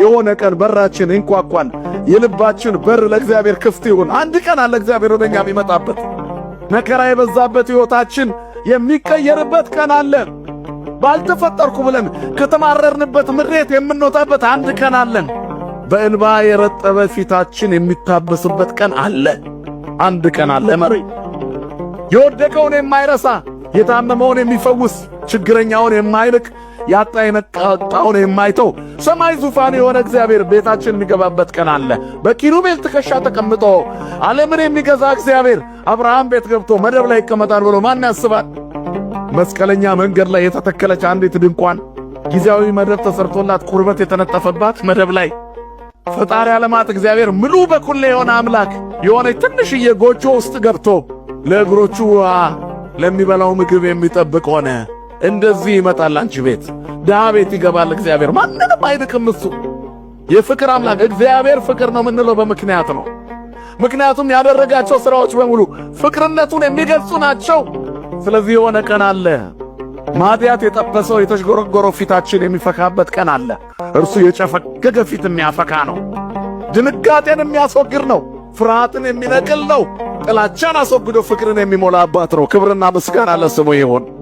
የሆነ ቀን በራችን እንኳኳን። የልባችን በር ለእግዚአብሔር ክፍት ይሁን። አንድ ቀን አለ እግዚአብሔር ወደኛ የሚመጣበት መከራ የበዛበት ሕይወታችን የሚቀየርበት ቀን አለ። ባልተፈጠርኩ ብለን ከተማረርንበት ምሬት የምንወጣበት አንድ ቀን አለን። በእንባ የረጠበ ፊታችን የሚታበስበት ቀን አለ። አንድ ቀን አለ። መሪ የወደቀውን የማይረሳ የታመመውን የሚፈውስ ችግረኛውን የማይንቅ ያጣ የነጣውን የማይተው ሰማይ ዙፋን የሆነ እግዚአብሔር ቤታችን የሚገባበት ቀን አለ። በኪሩቤል ትከሻ ተቀምጦ ዓለምን የሚገዛ እግዚአብሔር አብርሃም ቤት ገብቶ መደብ ላይ ይቀመጣል ብሎ ማን ያስባል? መስቀለኛ መንገድ ላይ የተተከለች አንዲት ድንኳን ጊዜያዊ መደብ ተሰርቶላት ቁርበት የተነጠፈባት መደብ ላይ ፈጣሪ ዓለማት እግዚአብሔር ምሉ በኩል የሆነ አምላክ የሆነች ትንሽዬ ጎጆ ውስጥ ገብቶ ለእግሮቹ ውሃ ለሚበላው ምግብ የሚጠብቅ ሆነ። እንደዚህ ይመጣል አንቺ ቤት፣ ድሃ ቤት ይገባል እግዚአብሔር። ማንንም አይንቅም እሱ የፍቅር አምላክ እግዚአብሔር ፍቅር ነው የምንለው በምክንያት ነው። ምክንያቱም ያደረጋቸው ሥራዎች በሙሉ ፍቅርነቱን የሚገልጹ ናቸው። ስለዚህ የሆነ ቀን አለ፣ ማጥያት የጠበሰው የተሽጎረጎረው ፊታችን የሚፈካበት ቀን አለ። እርሱ የጨፈገገ ፊት የሚያፈካ ነው፣ ድንጋጤን የሚያስወግር ነው። ፍርሃትን የሚነቅል ነው። ጥላቻን አስወግዶ ፍቅርን የሚሞላ አባት ነው። ክብርና ምስጋና ለስሙ ይሁን።